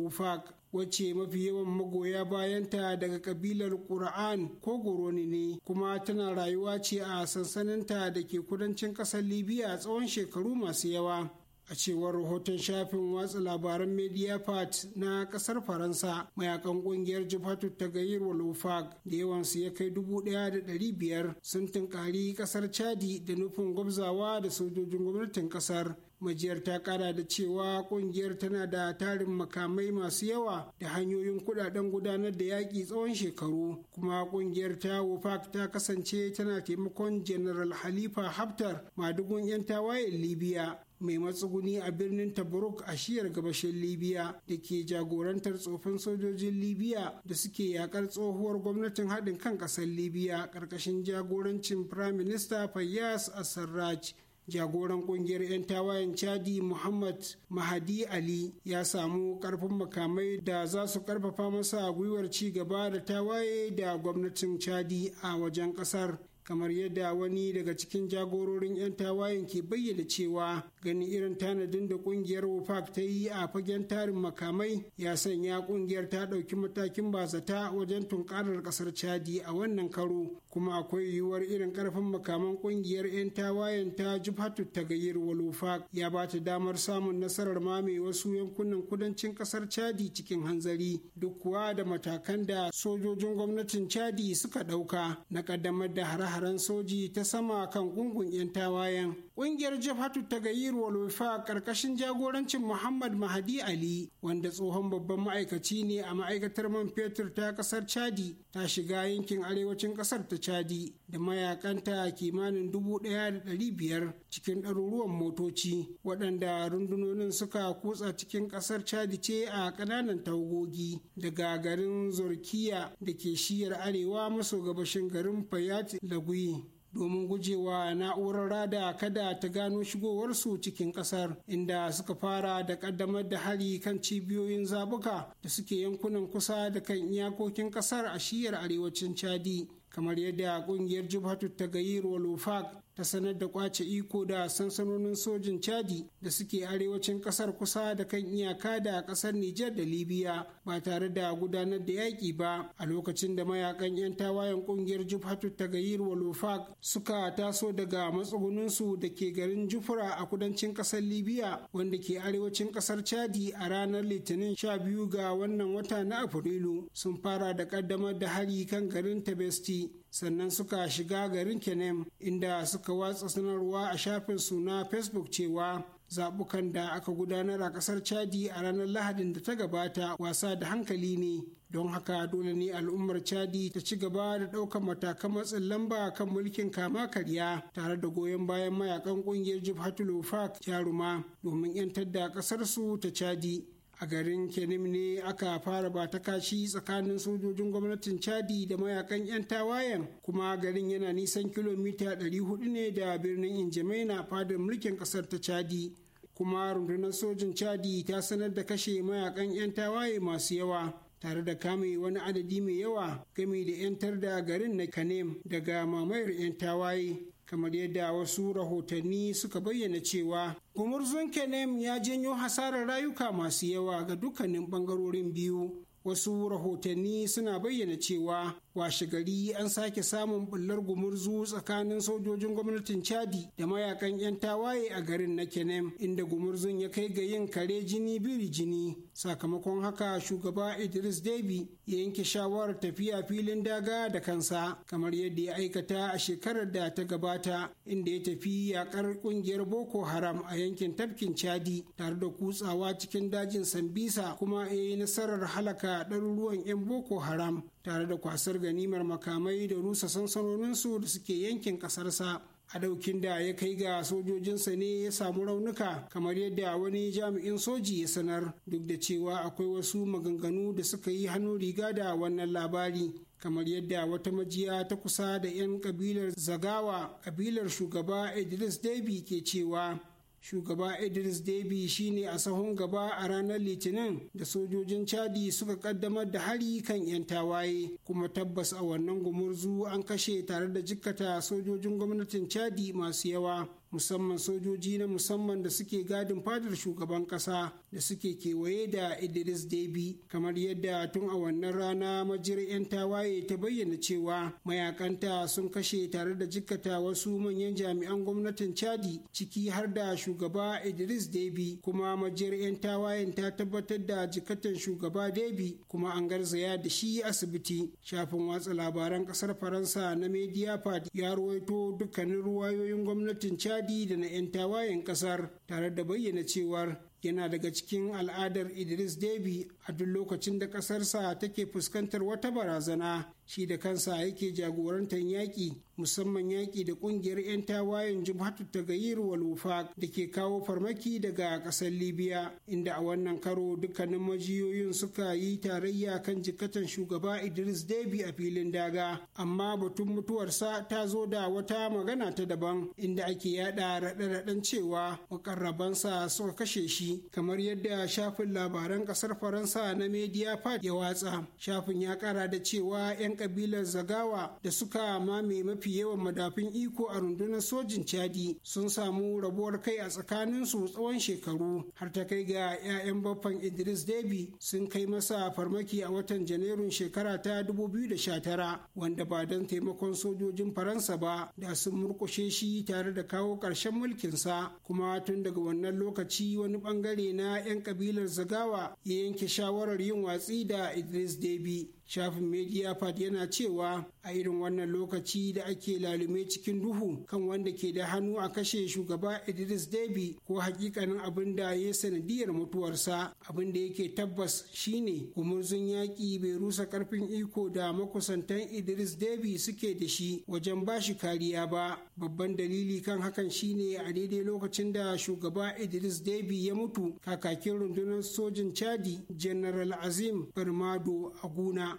wacce mafi yawan magoya bayanta daga kabilar Qur'an ko Goroni ne kuma tana rayuwa ce a sansaninta da ke kudancin ƙasar Libya tsawon shekaru masu yawa. a cewar rahoton shafin watsa labaran mediapart na kasar faransa mayakan kungiyar jifatu ta gayir walofag da yawansu ya kai dubu daya da dari biyar sun tunkari kasar chadi da nufin gwabzawa da sojojin gwamnatin kasar majiyar ta kara da cewa kungiyar tana da tarin makamai masu yawa da hanyoyin kudaden gudanar da yaƙi tsawon shekaru kuma kungiyar ta wofak ta kasance tana taimakon general halifa haftar madugun 'yan tawayen libya mai matsuguni a birnin tabaruk a shiyar gabashin libya da ke jagorantar tsofin sojojin libya da suke yakar tsohuwar gwamnatin haɗin kan ƙasar libya ƙarƙashin jagorancin prime minister fayyas Sarraj, jagoran kungiyar 'yan tawayen chadi muhammad mahadi ali ya samu karfin makamai da za su karfafa masa gwiwar ci gaba da tawaye da gwamnatin chadi a wajen kasar kamar yadda wani daga cikin jagororin 'yan tawayen ke bayyana cewa Ganin irin tanadin da kungiyar wofak ta yi a fagen tarin makamai ya sanya kungiyar ta ɗauki matakin bazata wajen tunkarar ƙasar chadi a wannan karo kuma akwai yiwuwar irin ƙarfin makaman kungiyar 'yan tawayen ta jifatu ta gayyar walofak ya ba ta damar samun nasarar mame wasu yankunan kudancin ƙasar chadi cikin hanzari duk kuwa da matakan da sojojin gwamnatin chadi suka ɗauka na ƙaddamar da hare-haren soji ta sama kan gungun 'yan tawayen Ƙungiyar Jabhatu Tagayyir wal a ƙarƙashin jagorancin Muhammad Mahdi Ali wanda tsohon babban ma'aikaci ne a ma'aikatar man fetur ta ƙasar Chadi ta shiga yankin arewacin ƙasar ta Chadi da mayakanta kimanin dubu ɗaya da ɗari biyar cikin ɗaruruwan motoci waɗanda rundunonin suka kutsa cikin ƙasar Chadi ce a ƙananan tawogogi daga garin Zorkiya da ke shiyar arewa maso gabashin garin Fayat Lagui domin gujewa na'urar rada kada ta gano shigowarsu cikin kasar inda suka fara da kaddamar da hari kan cibiyoyin zabuka da suke yankunan kusa da kan iyakokin kasar a shiyar arewacin chadi kamar yadda kungiyar jubhatu ta gayi wafaq ta sanar da kwace iko da sansanonin sojin chadi da suke arewacin kasar kusa da kan iyaka da kasar nijar da libya ba tare da gudanar da yaƙi ba a lokacin da mayakan 'yan tawayen ƙungiyar jufatu gayir Walofak suka taso daga matsuguninsu da ke garin jufura a kudancin kasar libya wanda ke arewacin kasar chadi a ranar litinin 12 ga wannan wata na afrilu sun fara da ƙaddamar da hari kan garin tabesti sannan suka shiga garin kenem inda suka watsa sanarwa a shafin suna na facebook cewa zaɓukan da aka gudanar a ƙasar chadi a ranar lahadin da ta gabata wasa da hankali ne don haka dole ne al'ummar chadi ta ci gaba da ɗaukar matakan matsin lamba kan mulkin kama karya tare da goyon bayan mayakan ƙungiyar jibhatul wafak jaruma domin 'yantar da ƙasarsu ta chadi a garin kenim ne aka fara ba kashi tsakanin sojojin gwamnatin chadi da mayakan 'yan tawayen kuma garin yana nisan kilomita 400 ne da birnin injamena fadar mulkin kasar ta chadi kuma rundunar sojin chadi ta sanar da kashe mayakan 'yan tawaye masu yawa tare da kame wani adadi mai yawa game da 'yantar da garin na kanem daga mamayar 'yan tawaye kamar yadda wasu rahotanni suka bayyana cewa gumurzun kenem ya janyo hasarar rayuka masu yawa ga dukkanin bangarorin biyu wasu rahotanni suna bayyana cewa washe gari an sake samun bullar gumurzu tsakanin sojojin gwamnatin chadi da mayakan 'yan tawaye a garin na kenem inda gumurzun ya kai ga yin kare jini biri jini sakamakon haka shugaba idris debi ya yanke shawarar tafiya filin daga da kansa kamar yadda ya aikata a shekarar da ta gabata inda ya tafi yakar kungiyar boko haram a yankin tafkin chadi tare da kutsawa cikin dajin sambisa kuma ya yi nasarar halaka ɗaruruwan 'yan boko haram tare da kwasar ganimar makamai da rusa sansanoninsu da suke yankin ƙasarsa a daukin da ya kai ga sojojinsa ne ya samu raunuka kamar yadda wani jami'in soji ya sanar duk da cewa akwai wasu maganganu da suka yi hannu riga da wannan labari kamar yadda wata majiya ta kusa da 'yan kabilar zagawa kabilar shugaba idris debi ke cewa shugaba idris debi shine a sahun gaba a ranar litinin da sojojin chadi suka kaddamar da hari kan 'yan tawaye kuma tabbas a wannan gumurzu an kashe tare da jikkata sojojin gwamnatin chadi masu yawa musamman sojoji na musamman da suke gadin fadar shugaban kasa da suke kewaye da Idris debi kamar yadda tun a wannan rana majiyar 'yan tawaye ta bayyana cewa mayakanta sun kashe tare da jikkata wasu manyan jami'an gwamnatin Chadi ciki har da shugaba Idris debi kuma majiyar 'yan tawayen ta tabbatar da jikatan shugaba debi kuma an garzaya da shi asibiti shafin watsa labaran kasar Faransa na media ya ruwaito dukkanin ruwayoyin gwamnatin Chadi jihadi da na 'yan tawayen kasar tare da bayyana cewar yana daga cikin al'adar idris debi a duk lokacin da ƙasarsa take fuskantar wata barazana shi da kansa yake jagorantar yaƙi musamman yaƙi da ƙungiyar 'yan tawayen jibhatu ta gayir walufak da ke kawo farmaki daga ƙasar libya inda a wannan karo dukkanin majiyoyin suka yi tarayya kan jikatan shugaba idris debi a filin daga amma batun mutuwarsa ta zo da wata magana ta daban inda ake yada raɗe-raɗen cewa makarrabansa suka kashe shi kamar yadda shafin labaran ƙasar faransa na media ya watsa shafin ya ƙara da cewa 'yan kabilar zagawa da suka mame mafi yawan madafin iko a rundunar sojin chadi sun samu rabuwar kai a tsakaninsu tsawon shekaru har ta kai ga 'ya'yan baffan idris debi sun kai masa farmaki a watan janairun shekara ta 2019 wanda ba don taimakon sojojin faransa ba da sun murkushe shi tare da kawo ƙarshen mulkinsa kuma tun daga wannan lokaci wani bangare na 'yan kabilar zagawa ya yanke shawarar yin watsi da idris debi shafin Mediapad yana cewa a irin wannan lokaci da ake lalume cikin duhu kan wanda ke da hannu a kashe shugaba idris debi ko hakikanin abin da ya sanadiyar mutuwarsa abin da yake tabbas shine gumurzun yaƙi bai rusa karfin iko da makusantan idris debi suke da shi wajen ba shi kariya ba babban dalili kan hakan shine a daidai lokacin da shugaba idris debi ya mutu kakakin rundunar sojin chadi general azim barmado aguna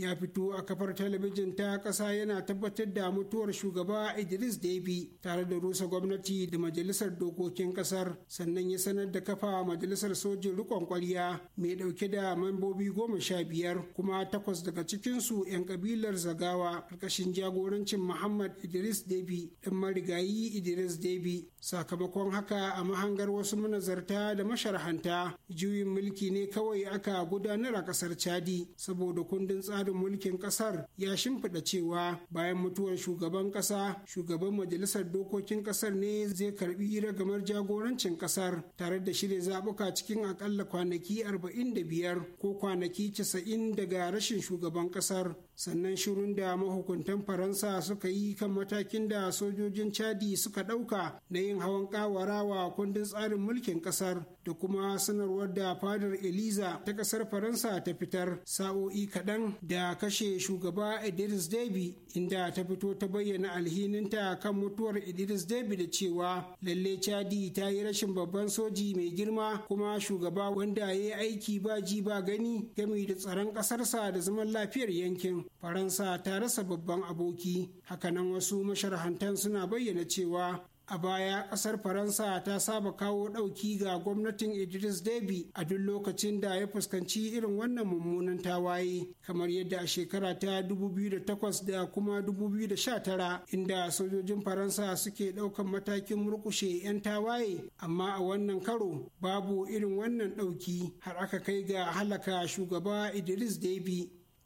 ya fito a kafar talabijin ta ƙasa yana tabbatar da mutuwar shugaba Idris Deby tare da rusa gwamnati da majalisar dokokin ƙasar sannan ya sanar da kafa majalisar sojin rikon kwarya mai ɗauke da mambobi goma sha biyar kuma takwas daga cikinsu 'yan ƙabilar Zagawa ƙarƙashin jagorancin Muhammad Idris Deby ɗan marigayi Idris Deby sakamakon haka a mahangar wasu manazarta da masharhanta juyin mulki ne kawai aka gudanar a ƙasar Chadi saboda kundin tsarin tsarin mulkin kasar ya shimfiɗa cewa bayan mutuwar shugaban kasa shugaban majalisar dokokin kasar ne zai karbi gamar jagorancin kasar tare da shirya zabuka cikin akalla kwanaki 45 ko kwanaki 90 daga rashin shugaban kasar sannan shirun da mahukuntan faransa suka yi kan matakin da sojojin chadi suka ɗauka na yin hawan kawarawa kundin tsarin mulkin ƙasar da kuma sanarwar da fadar eliza ta ƙasar faransa ta fitar sa'o'i kaɗan da kashe shugaba idris debi inda ta fito ta bayyana alhininta kan mutuwar idris debi da cewa lalle chadi ta yi rashin babban soji mai girma kuma shugaba wanda ya yi aiki ba ji ba gani game da tsaron ƙasarsa da zaman lafiyar yankin faransa ta rasa babban aboki hakanan wasu masharhantan suna bayyana cewa a baya kasar faransa ta saba kawo ɗauki ga gwamnatin idris deby a duk lokacin da ya fuskanci irin wannan mummunan tawaye kamar yadda a shekara ta 2008 da kuma 2019 inda sojojin faransa suke ɗaukan matakin murkushe 'yan tawaye amma a wannan karo babu irin wannan ɗauki har aka kai ga halaka shugaba idris deby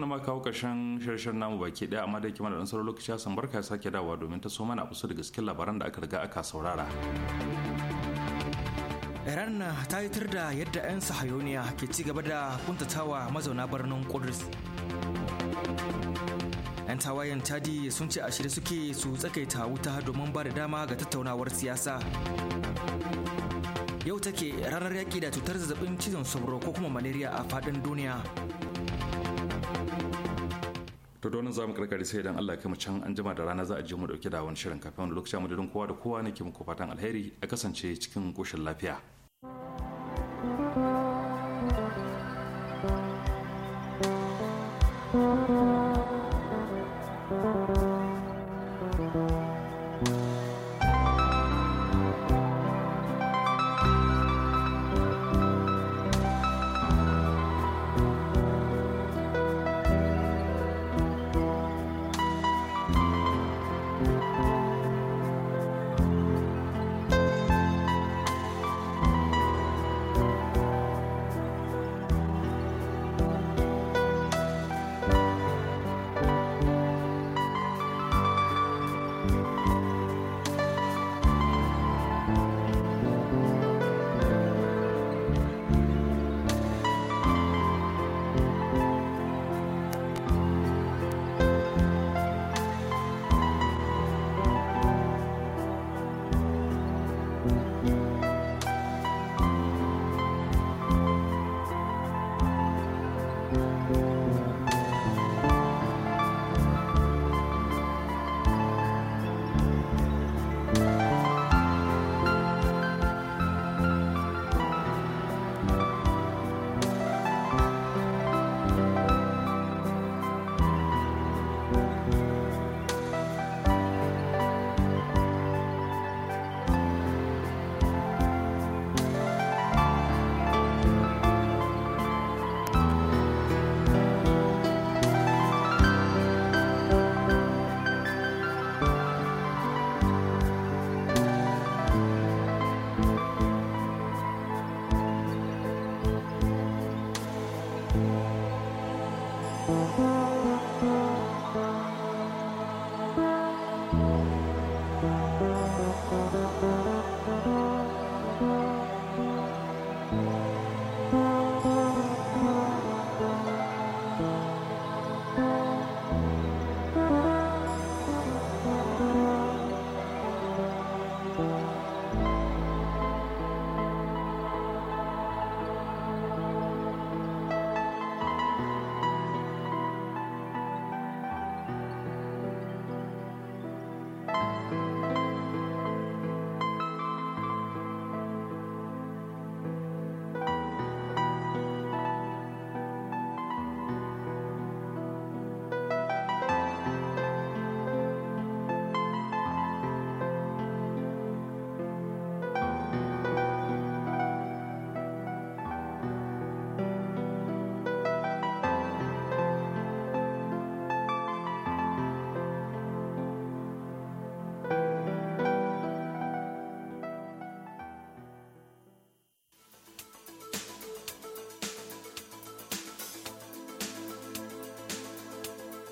da na kawo karshen shirshen namu baki daya amma da kima da nasarar lokaci a barka ya sake dawa domin ta so mana a kusa da gaskin labaran da aka riga aka saurara iran ta yi da yadda 'yan sahayoniya ke ci gaba da kuntatawa mazauna birnin kudus 'yan tawayen tadi sun ce a shirye suke su tsakaita wuta domin ba da dama ga tattaunawar siyasa yau take ranar yaƙi da cutar zazzabin cizon sauro ko kuma malaria a faɗin duniya to da za mu karkare sai idan Allah ya kama can an jima da rana za a je mu dauke da wani shirin kafin wani lokaci mu da kowa da kowa ne ke muku fatan alheri a kasance cikin koshin lafiya. thank